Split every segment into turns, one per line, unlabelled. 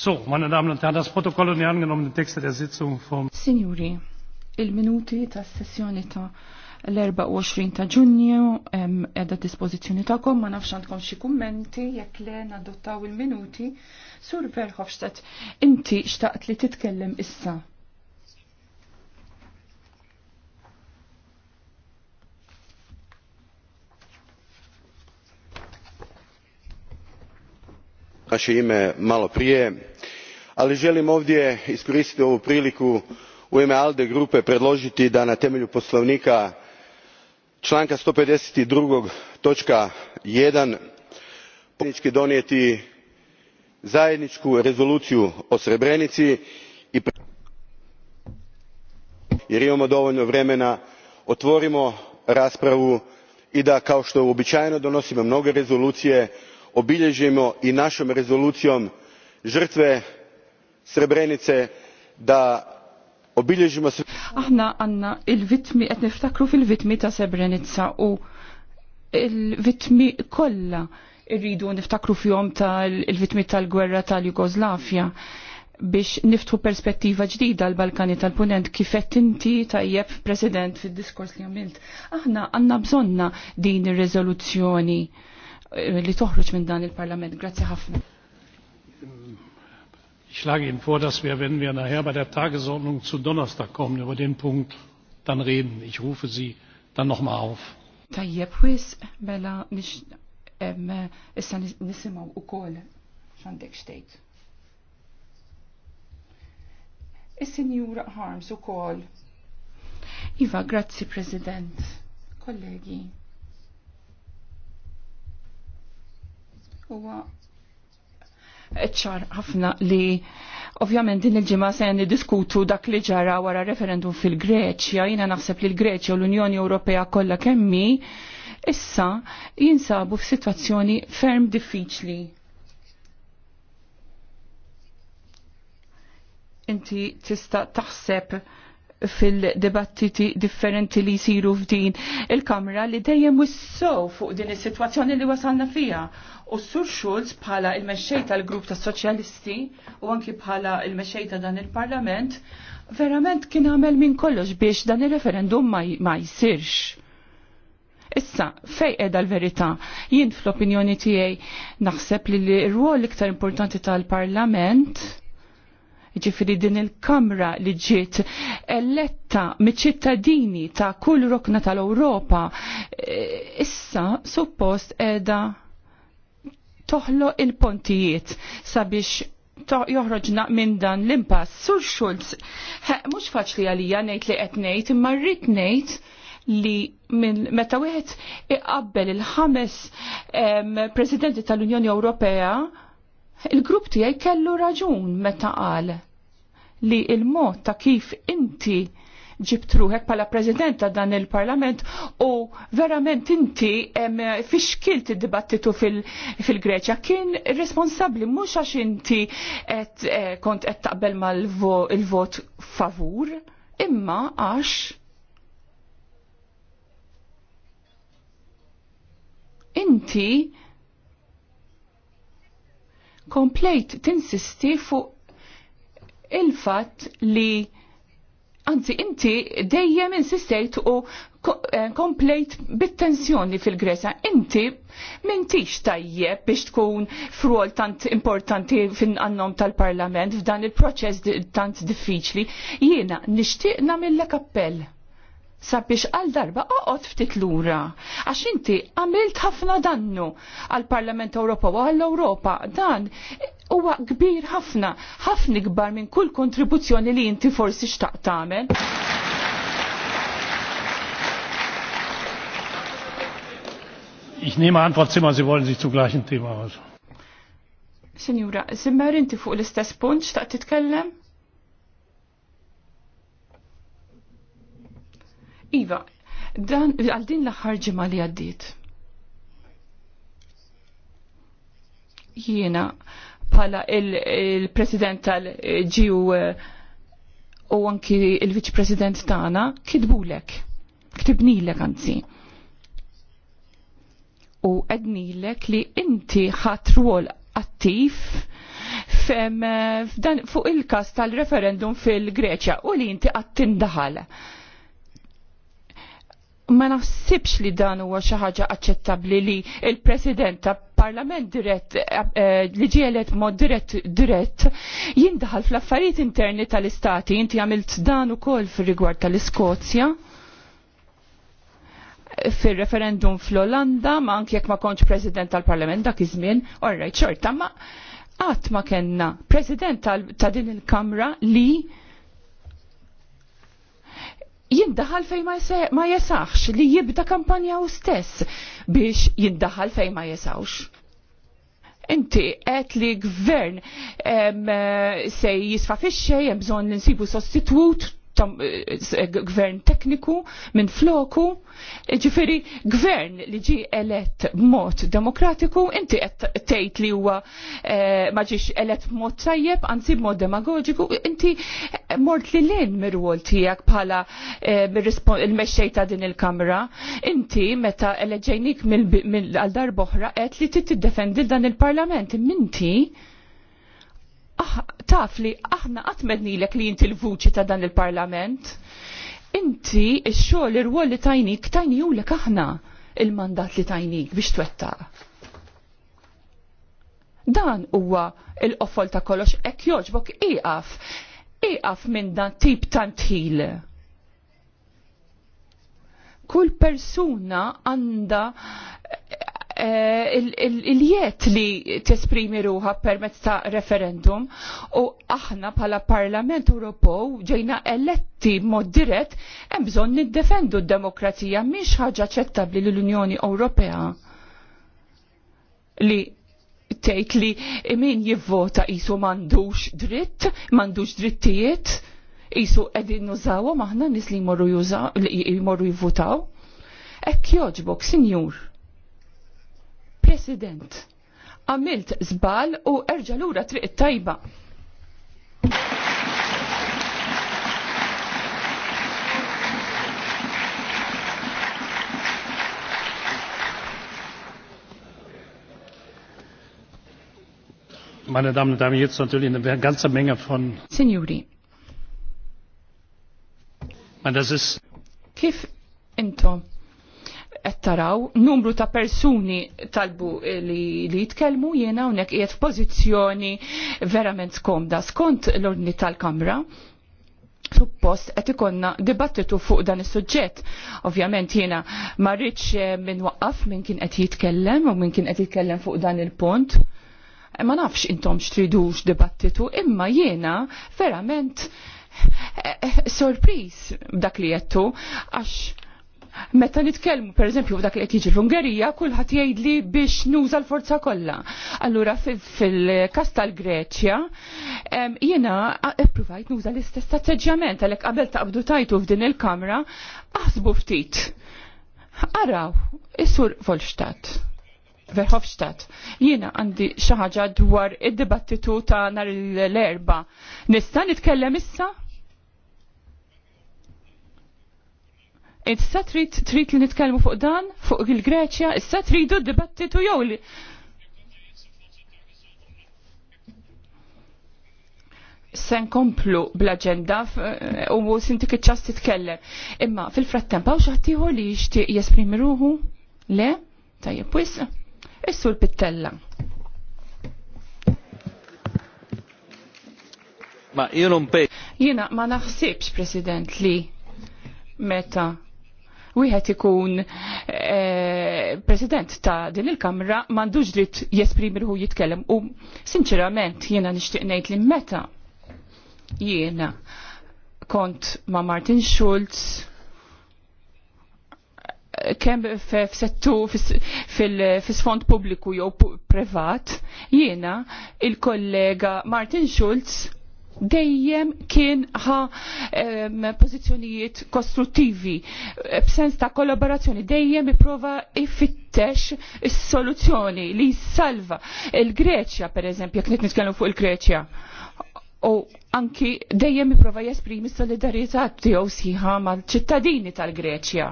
So, meine Damen und Herren, das Protokoll und die angenommenen Texte der Sitzung vom... Signori, il-minuti ta' sessjoni ta' l-24 ta' ġunju edha dispozizjoni kom, ma nafx għandkom xi kummenti jekk le nadottaw il-minuti. Sur Verhofstadt, inti xtaqt li titkellem issa. vaše ime malo prije, ali želim ovdje iskoristiti ovu priliku u ime alde grupe predložiti da na temelju poslovnika članka. one hundred and fifty two točka one zajednički donijeti zajedničku rezoluciju o srebrenici jer imamo dovoljno vremena otvorimo raspravu i da kao što uobičajeno donosimo mnoge rezolucije obiljeimo i naom rezolucijom rtve srebrenice da obiljeimo sve. Aħna għanna il-vitmi, qed niftakru fil-vitmi ta' Srebrenica u il-vitmi kollha irridu niftakru fihom tal-vitmi tal-gwerra tal-Jugoslavja biex niftu perspettiva ġdida l-Balkani tal-Punent kifet inti tajjeb President fil-diskors li għamilt. Aħna għanna bżonna din ir-rezoluzzjoni li toħroġ minn dan il-Parlament. Grazzi ħafna. Ich schlage Ihnen vor, dass wir, wenn wir nachher bei der Tagesordnung zu Donnerstag kommen, über den Punkt dann reden. Ich rufe Sie dann nochmal auf. Tajjeb, wis, bella, nix, issa nisimaw u kol, xandek xtejt. Is-Sinjura Harms u kol. Iva, grazzi, President, kollegi. Huwa ċar ħafna li ovvjament din il-ġimgħa se niddiskutu dak li ġara wara referendum fil-Greċja, jiena naħseb li l-Greċja u l-Unjoni Ewropea kollha kemmi issa jinsabu f'sitwazzjoni ferm diffiċli. Inti tista' taħseb fil-dibattiti differenti li jisiru f'din il-Kamra li dejjem wissow fuq din is-sitwazzjoni li wasalna fija. U Sur Schulz bħala il-mexxej tal-grupp tas soċjalisti u anki bħala il-mexxej ta' dan il-Parlament verament kien għamel minn kollox biex dan il-referendum ma jsirx. Issa, fej edha l-verita, jien fl-opinjoni tijaj naħseb li l-ruol iktar importanti tal-parlament ġifiri din il-Kamra li ġiet eletta mit-ċittadini ta' kull rokna tal-Ewropa eh, issa suppost edha toħlo il-pontijiet sabiex joħroġna minn dan l-impass. Sur Schulz, mux faċli għalija nejt li etnejt, imma rrit nejt li minn meta wieħed iqabbel il-ħames presidenti tal-Unjoni Ewropea, il-grupp tiegħi kellu raġun meta qal li il-mod ta' kif inti ġibt ruħek pala prezidenta ta' dan il-parlament u verament inti fiskilt id-dibattitu fil-Greċja fil kien responsabli mhux għax inti et, eh, kont qed taqbel mal il-vot favur imma għax inti komplejt tinsisti fuq il-fatt li anzi inti dejjem insistejt u eh, komplejt bit-tensjoni fil-Gresa. Inti mintix tajjeb biex tkun frol tant importanti fin annom tal-Parlament f'dan il-proċess tant diffiċli. Jiena nixtieq nagħmillek appell sabiex għal darba oqgħod ftit lura għax inti għamilt ħafna dannu għall-Parlament Ewropa u għall-Ewropa dan huwa kbir ħafna, ħafna kbar minn kull kontribuzzjoni li inti forsi xtaq tagħmel. Ich nehme an, Frau Zimmer, Sie wollen sich zu gleichen Thema aus. Signora, Zimmer, inti fuq l-istess punt xtaqt titkellem? Iva, dan għal din l-aħħar ġimgħa li għaddiet. Jena, pala il-president tal-ġiju eh, u anki il-viċ-president tana kidbulek, ktibnilek anzi. U għednilek li inti ħat ruol attiv fem eh, fuq il-kas tal-referendum fil-Greċja u li inti għattin ma naħsibx li dan huwa xi ħaġa aċċettabbli li il-President tal Parlament dirett eh, li ġielet mod dirett dirett jindaħal fl-affarijiet interni tal-istati inti għamilt dan ukoll fir-rigward tal-Iskozja fir-referendum fl-Olanda ma anke jekk ma kontx President tal-Parlament dak iż-żmien, orrejt xorta ma qatt ma kellna President ta' din il-Kamra li jiddaħal fej ma jesaħx, li jibda kampanja u stess biex jiddaħal fej ma jesawx. Inti għet li gvern eh, se jisfa jem hemm bżonn insibu sostitut Eh, eh, gvern tekniku minn floku, eh, ġifiri gvern li ġi elett mod demokratiku, inti qed tgħid li huwa ma ġiex elett mod tajjeb, anzi mod demagogiku, inti mort li lin mir-rwol tiegħek bħala il-mexxej ta' din il-kamra, inti meta eleġejnik għal darboħra qed li tiddefendi dan il-parlament, minti taf li aħna għatmednilek li jinti l-vuċi ta' dan il-parlament. Inti il-xol ir-rwol li tajnik tajni u lek aħna il-mandat li tajnik biex twetta. Dan huwa il-qofol ta' kollox ek joġbok iqaf, iqaf minn dan tip tantħil. Kull persuna għanda Eh, il-jiet li tesprimi ruħa permezz ta' referendum u aħna bħala Parlament Ewropew ġejna eletti mod dirett hemm bżonn niddefendu d-demokrazija mhix ħaġa ċettabbli l-Unjoni Ewropea li tgħid li min jivvota qisu m'għandux dritt, m'għandux drittijiet, qisu qegħdin nużawhom aħna nies li jmorru jivvutaw. Ekk joġbok, sinjur President, għamilt zbal u erġa' lura triq tajba. Meine Damen und Herren, jetzt natürlich eine ganze Menge von... Signori. Man, das ist... Kif intom ettaraw taraw numru ta' persuni talbu li, li jitkellmu jiena hawnhekk qiegħed f'pożizzjoni verament skomda skont l-ordni tal-Kamra suppost qed ikonna dibattitu fuq dan is-suġġett. Ovvjament jiena ma rridx eh, minn waqqaf minn kien qed jitkellem u minn kien qed jitkellem fuq dan il-punt. Ma nafx intom x'tridux dibattitu, imma jiena verament eh, eh, sorpriż dak li jettu għax Meta nitkellmu pereżempju f'dak li qed jiġi l ungerija kulħadd jgħidli biex nuża l-forza kollha. Allura fil-każ tal-Greċja jiena ippruvajt nuża l-istess atteġġjament għalhekk qabel taqbdu tajtu f'din il-kamra, aħsbu ftit. Araw, is-sur Volstadt. Verhofstadt, jiena għandi xi ħaġa dwar id-dibattitu ta' nhar l-erba. Nista' nitkellem issa? Issa trid trid li nitkellmu fuq dan, fuq il-Greċja, issa tridu d-dibattitu jew li. Sen komplu bl-agenda u sinti kitċas titkellem. Imma fil frattemp u xaħtiħu li jixtieq jesprimi ruħu? Le? Tajjeb, wis? Issu l-pittella. Ma jien pe. Jiena ma naħsibx, President, li meta wieħed ikun eh, president ta' din il-Kamra m'għandux dritt jesprimi ruħu jitkellem u sinċerament jiena nixtieq ngħid li meta jiena kont ma' Martin Schulz kemm f'settu fis-fond pubbliku jew privat, jiena il-kollega Martin Schulz dejjem kien ħa um, pozizjonijiet kostruttivi eh, b'sens ta' kollaborazzjoni dejjem iprova ifittex is-soluzzjoni li jissalva il-Greċja pereżempju jekk qed nitkellmu fuq il-Greċja u anki dejjem iprova jesprimi solidarjetà tiegħu sħiħa mal-ċittadini tal-Greċja.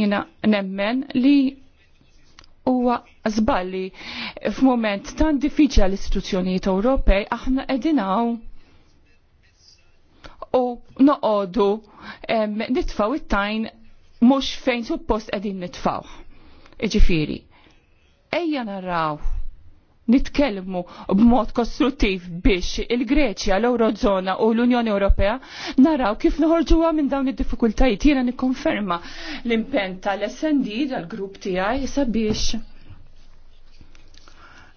Jina nemmen li huwa żballi f'mument tan diffiċli għall istituzzjonijiet Ewropej aħna qegħdin u noqogħdu nitfaw it-tajn mhux fejn suppost qegħdin nitfaw. Iġifieri, ejja narraw nitkellmu b'mod kostruttiv biex il-Greċja, l-Eurozona u l-Unjoni Ewropea naraw kif noħorġuha minn dawn id-diffikultajiet. Jiena nikkonferma l-impenn tal-SND tal-grupp tiegħi sabiex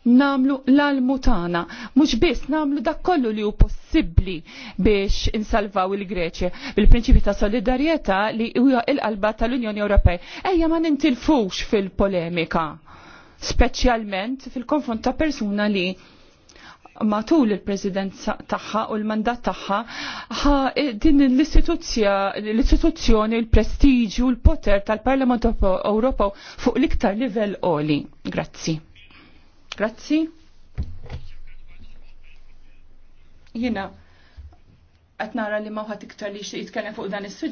namlu l-almu tagħna, mhux biss namlu dak kollu li hu possibbli biex insalvaw il greċe bil-prinċipju ta' solidarjetà li huwa il-qalba tal-Unjoni Ewropea. Ejja ma nintilfux fil-polemika speċjalment fil-konfront ta' persuna li matul il-presidenza tagħha u l-mandat tagħha e, din l-istituzzjoni, l-prestiġju, l-poter tal-Parlament Ewropew fuq l-iktar livell qoli. Grazzi. Grazzi. Jina, qed nara li ma iktar li jitkellem fuq dan is